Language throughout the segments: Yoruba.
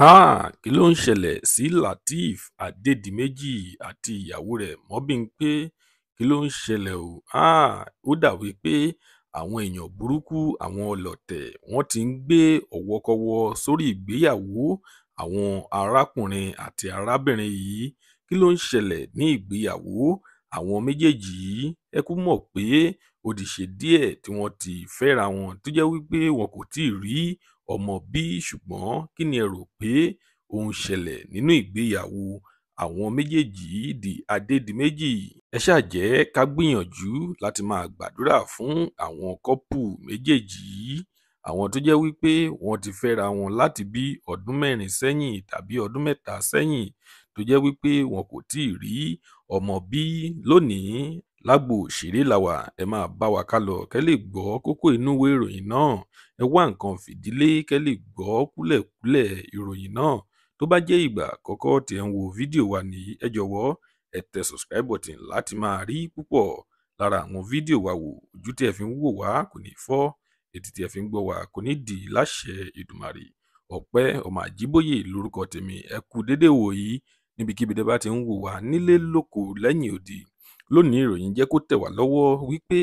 háà kí ló ń ṣẹlẹ sí lateef adédìméjì àti ìyàwó rẹ mọbìnpé kí ló ń ṣẹlẹ o háà ó dàbí pé àwọn èèyàn burúkú àwọn ọlọtẹ wọn ti ń gbé ọwọkọwọ sórí ìgbéyàwó àwọn arákùnrin àti arábìnrin yìí kí ló ń ṣẹlẹ ní ìgbéyàwó àwọn méjèèjì yìí ẹ mọ pé ó ti ṣe díẹ̀ tí wọ́n ti fẹ́ra wọn tó jẹ́ wípé wọn kò tíì rí ọmọ bí ṣùgbọ́n kí ni ẹ rò pé ó ṣẹlẹ̀ nínú ìgbéyàwó àwọn méjèèjì di adédìméjì ẹ ṣáà jẹ́ ká gbìyànjú láti máa gbàdúrà fún àwọn kọ́pù méjèèjì yìí àwọn tó jẹ́ wípé wọ́n ti fẹ́ra wọn láti bí ọdún mẹ́rin sẹ́yìn tàbí ọdún mẹ́ta sẹ́yìn tó jẹ́ wípé wọn kò tí ì rí ọmọ bí lónìí lágbo òṣèré làwà ẹ máa bá wa ká lọ kẹ́ lè gbọ́ kókó inú ìwé ìròyìn náà ẹ wá nǹkan fìdílé kẹ́ lè gbọ́ kúlẹ̀kúlẹ̀ ìròyìn náà tó bá jẹ́ ìgbà àkọ́kọ́ tí ẹ ń wo fídíò wa nìyí ẹ jọ̀wọ́ ẹ tẹ subscribe button láti máa rí púpọ̀ lára àwọn fídíò wa wò ojú tí ẹ fi ń wò wá kò ní fọ́ ètí tí ẹ fi ń gbọ́ wá kò ní dì láṣẹ Èdùmàrè Ọpẹ́ Ọmọ Àjíbóyè lórúkọ tèmi ẹ kú déédéé wò yìí níbikíbi tẹ bá ti ń wò wá nílé lóko lẹ́yìn odi lónìí ìròyìn jẹ́ kó tẹ̀ wá lọ́wọ́ wípé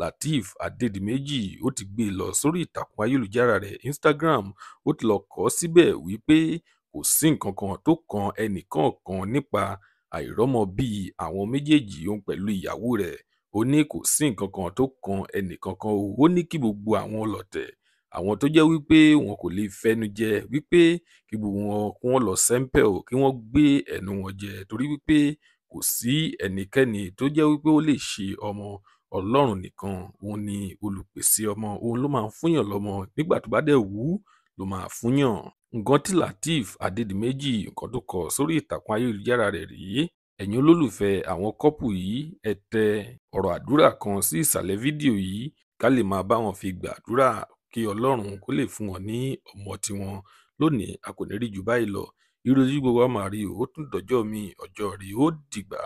lateef adédìméjì ó ti gbé e lọ sórí ìtàkùn ayélujára rẹ̀ instagram ó ti lọ kọ ọ́ síbẹ̀ wípé kò sí nǹkan kan tó kan ẹnìkọ̀ọ̀kan nípa àìrọ́mọ bíi àwọn méjèèjì òun pẹ̀lú ìyàwó rẹ̀ ó ní kò sí nǹkan kan tó kan ẹnìkankan o ó ní kí gbogbo àwọn ọlọ̀tẹ̀ àwọn tó jẹ́ wípé wọn kò lè fẹnu jẹ wípé kí gbogbo wọn kí wọ́n lọ sẹ́ńpẹ̀ o kí wọ́n gbé ẹnu wọn jẹ torí wípé kò sí ẹnikẹ́ni tó jẹ́ wípé ó lè ṣe ọmọ ọlọ́run nìkan òun ni olùpèsè ọmọ òun ló máa ń fúnyàn lọ́mọ nígbà tó bá dẹ̀ wù ló máa fúnyàn nǹkan tí Lateef Adédìméjì nǹkan tó kọ sórí ìtàkùn ayélujára rẹ̀ rèé ẹ̀yin olólùfẹ́ àwọn kọ́pù yìí ẹ ọ̀rọ̀ àdúrà kan sí ìsàlẹ̀ fídíò yìí ká lè máa bá wọn fi gbàdúrà kí Ọlọ́run kó lè fún wọn ní ọmọ tiwọn. Lónìí, a kò ní rí jù báyìí lọ. Irú gbogbo wa máa rí o, ó tún dọjọ́ míì, ọjọ́ rẹ̀ ó dìgbà.